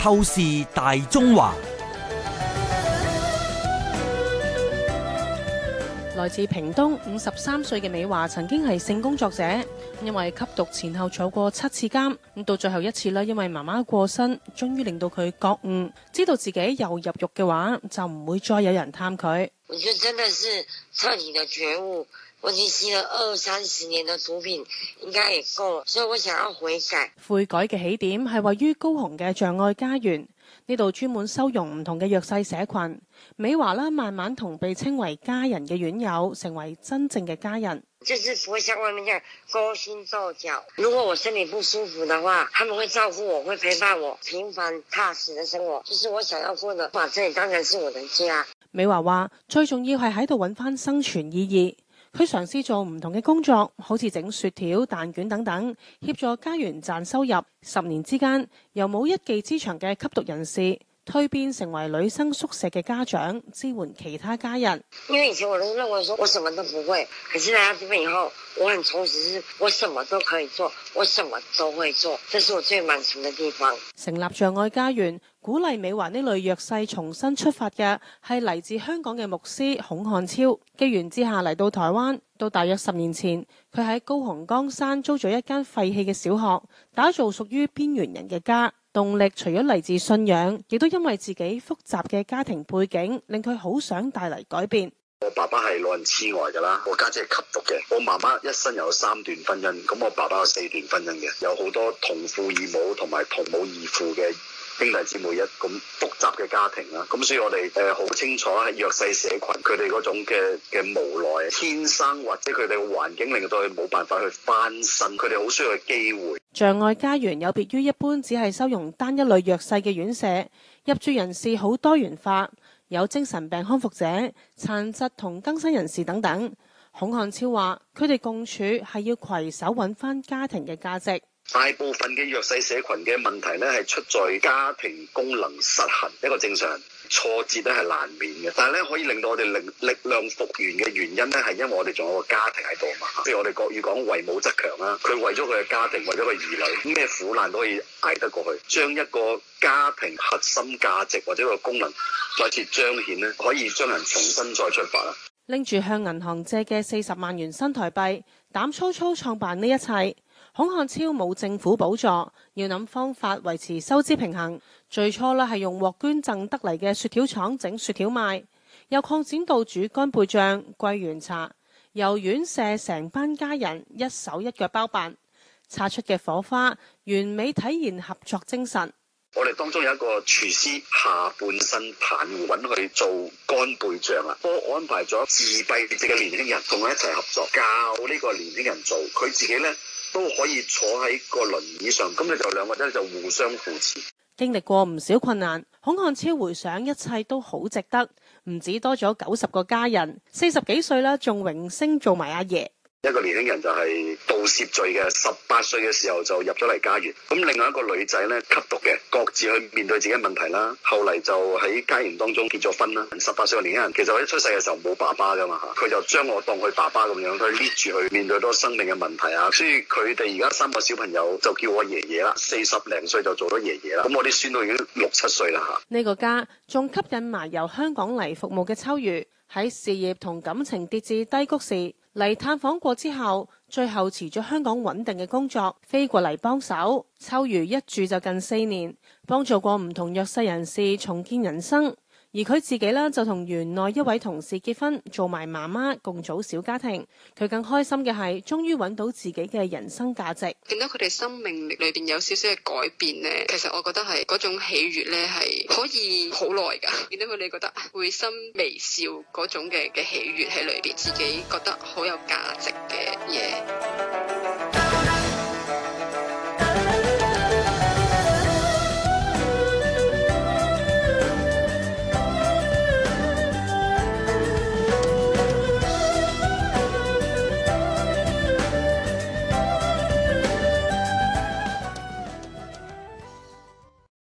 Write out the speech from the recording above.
透視大中華，來自屏東五十三歲嘅美華，曾經係性工作者，因為吸毒前後坐過七次監，咁到最後一次啦，因為媽媽過身，終於令到佢覺悟，知道自己又入獄嘅話，就唔會再有人探佢。我覺得真的是徹底嘅覺悟。我已經吸了二三十年的毒品，應該也夠，所以我想要悔改。悔改嘅起點係位於高雄嘅匠愛家園呢度，專門收容唔同嘅弱勢社群。美華啦，慢慢同被稱為家人嘅院友，成為真正嘅家人。就是不會像外面一樣勾心鬥角。如果我身體不舒服嘅話，他們會照顧我，會陪伴我平凡踏實嘅生活，就是我想要過嘅把這裡當成是我的家。美華話，最重要係喺度搵返生存意義。佢嘗試做唔同嘅工作，好似整雪條、蛋卷等等，協助家園賺收入。十年之間，由冇一技之長嘅吸毒人士，蛻變成為女生宿舍嘅家長，支援其他家人。因為以前我都認為說我什麼都不會，可是嚟到呢邊以後，我很充實，我什麼都可以做，我什麼都會做，這是我最滿足的地方。成立匠愛家園，鼓勵美華呢類弱勢重新出發嘅，係嚟自香港嘅牧師孔漢超。機緣之下嚟到台灣，到大約十年前，佢喺高雄岡山租咗一間廢棄嘅小學，打造屬於邊緣人嘅家。動力除咗嚟自信仰，亦都因為自己複雜嘅家庭背景，令佢好想帶嚟改變。我爸爸係老人痴呆噶啦，我家姐係吸毒嘅，我媽媽一生有三段婚姻，咁我爸爸有四段婚姻嘅，有好多同父異母同埋同母異父嘅。兄弟姊妹一咁複雜嘅家庭啦，咁所以我哋誒好清楚係弱勢社群，佢哋嗰種嘅嘅無奈，天生或者佢哋嘅環境令到佢冇辦法去翻身，佢哋好需要嘅機會。匠愛家園有別於一般只係收容單一類弱勢嘅院舍，入住人士好多元化，有精神病康復者、殘疾同更新人士等等。孔漢超話：佢哋共處係要攜手揾翻家庭嘅價值。大部分嘅弱勢社群嘅問題咧，係出在家庭功能失衡，一個正常挫折咧係難免嘅，但係咧可以令到我哋力力量復原嘅原因咧，係因為我哋仲有個家庭喺度嘛。即係我哋國語講為母則強啦，佢為咗佢嘅家庭，為咗個兒女，咩苦難都可以捱得過去。將一個家庭核心價值或者個功能再次彰顯咧，可以將人重新再出發啦。拎住向銀行借嘅四十萬元新台幣，膽粗粗創辦呢一切。孔漢超冇政府補助，要諗方法維持收支平衡。最初呢，係用獲捐贈得嚟嘅雪條廠整雪條賣，又擴展到煮乾貝醬、桂圓茶，由院舍成班家人一手一腳包辦，擦出嘅火花完美體現合作精神。我哋當中有一個廚師下半身癱瘓，佢做乾貝醬啊，我安排咗自閉嘅年輕人同我一齊合作，教呢個年輕人做，佢自己呢。都可以坐喺個輪椅上，咁你就兩個人就互相扶持。經歷過唔少困難，孔漢超回想一切都好值得。唔止多咗九十個家人，四十幾歲啦，仲榮升做埋阿爺。一個年輕人就係盜竊罪嘅，十八歲嘅時候就入咗嚟家園。咁另外一個女仔咧吸毒嘅，各自去面對自己嘅問題啦。後嚟就喺家園當中結咗婚啦。十八歲嘅年輕人，其實我一出世嘅時候冇爸爸㗎嘛吓，佢就將我當佢爸爸咁樣去捏住去面對多生命嘅問題啊。所以佢哋而家三個小朋友就叫我爺爺啦，四十零歲就做咗爺爺啦。咁我啲孫都已經六七歲啦吓。呢個家仲吸引埋由香港嚟服務嘅秋雨。喺事業同感情跌至低谷時，嚟探訪過之後，最後辭咗香港穩定嘅工作，飛過嚟幫手。秋如一住就近四年，幫助過唔同弱勢人士重建人生。而佢自己咧就同園內一位同事結婚，做埋媽媽，共組小家庭。佢更開心嘅係，終於揾到自己嘅人生價值。見到佢哋生命力裏邊有少少嘅改變呢，其實我覺得係嗰種喜悅呢，係可以好耐㗎。見到佢哋覺得會心微笑嗰種嘅嘅喜悅喺裏邊，自己覺得好有價值嘅嘢。